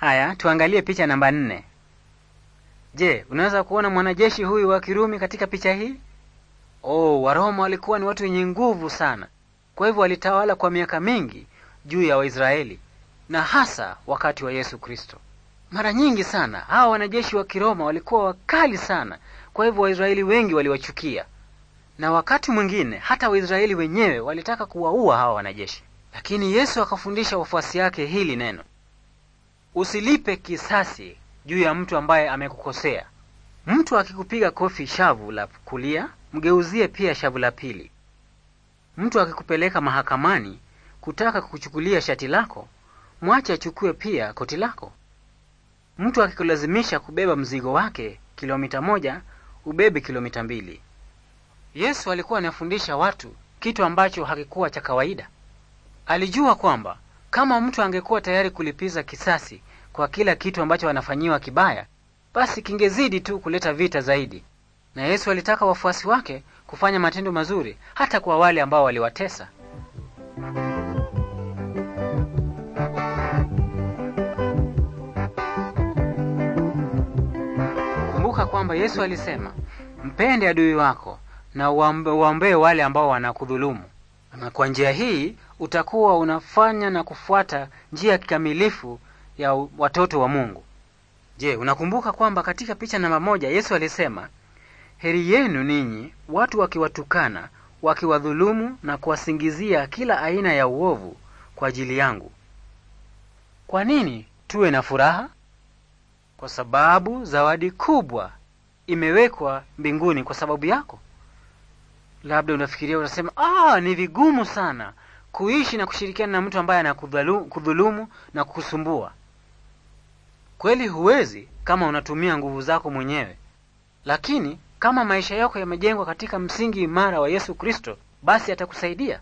Haya, tuangalie picha namba nne. Je, unaweza kuona mwanajeshi huyu wa Kirumi katika picha hii? Oh, Waroma walikuwa ni watu wenye nguvu sana, kwa hivyo walitawala kwa miaka mingi juu ya Waisraeli na hasa wakati wa Yesu Kristo. Mara nyingi sana hawa wanajeshi wa Kiroma walikuwa wakali sana, kwa hivyo Waisraeli wengi waliwachukia, na wakati mwingine hata Waisraeli wenyewe walitaka kuwaua hawa wanajeshi, lakini Yesu akafundisha wafuasi yake hili neno Usilipe kisasi juu ya mtu ambaye amekukosea. Mtu akikupiga kofi shavu la kulia, mgeuzie pia shavu la pili. Mtu akikupeleka mahakamani kutaka kukuchukulia shati lako, mwache achukue pia koti lako. Mtu akikulazimisha kubeba mzigo wake kilomita moja, ubebe kilomita mbili. Yesu alikuwa anafundisha watu kitu ambacho hakikuwa cha kawaida. Alijua kwamba kama mtu angekuwa tayari kulipiza kisasi kwa kila kitu ambacho wanafanyiwa kibaya, basi kingezidi tu kuleta vita zaidi. Na Yesu alitaka wafuasi wake kufanya matendo mazuri hata kwa wale ambao waliwatesa. Kumbuka kwamba Yesu alisema, mpende adui wako na uwaombee wale ambao wanakudhulumu, na kwa njia hii utakuwa unafanya na kufuata njia kikamilifu ya watoto wa Mungu. Je, unakumbuka kwamba katika picha namba moja Yesu alisema, heri yenu ninyi watu wakiwatukana, wakiwadhulumu na kuwasingizia kila aina ya uovu kwa ajili yangu. Kwa nini tuwe na furaha? Kwa sababu zawadi kubwa imewekwa mbinguni kwa sababu yako. Labda unafikiria unasema, ah, ni vigumu sana kuishi na kushirikiana na mtu ambaye anakudhulumu na kukusumbua. Kweli huwezi kama unatumia nguvu zako mwenyewe, lakini kama maisha yako yamejengwa katika msingi imara wa Yesu Kristo, basi atakusaidia.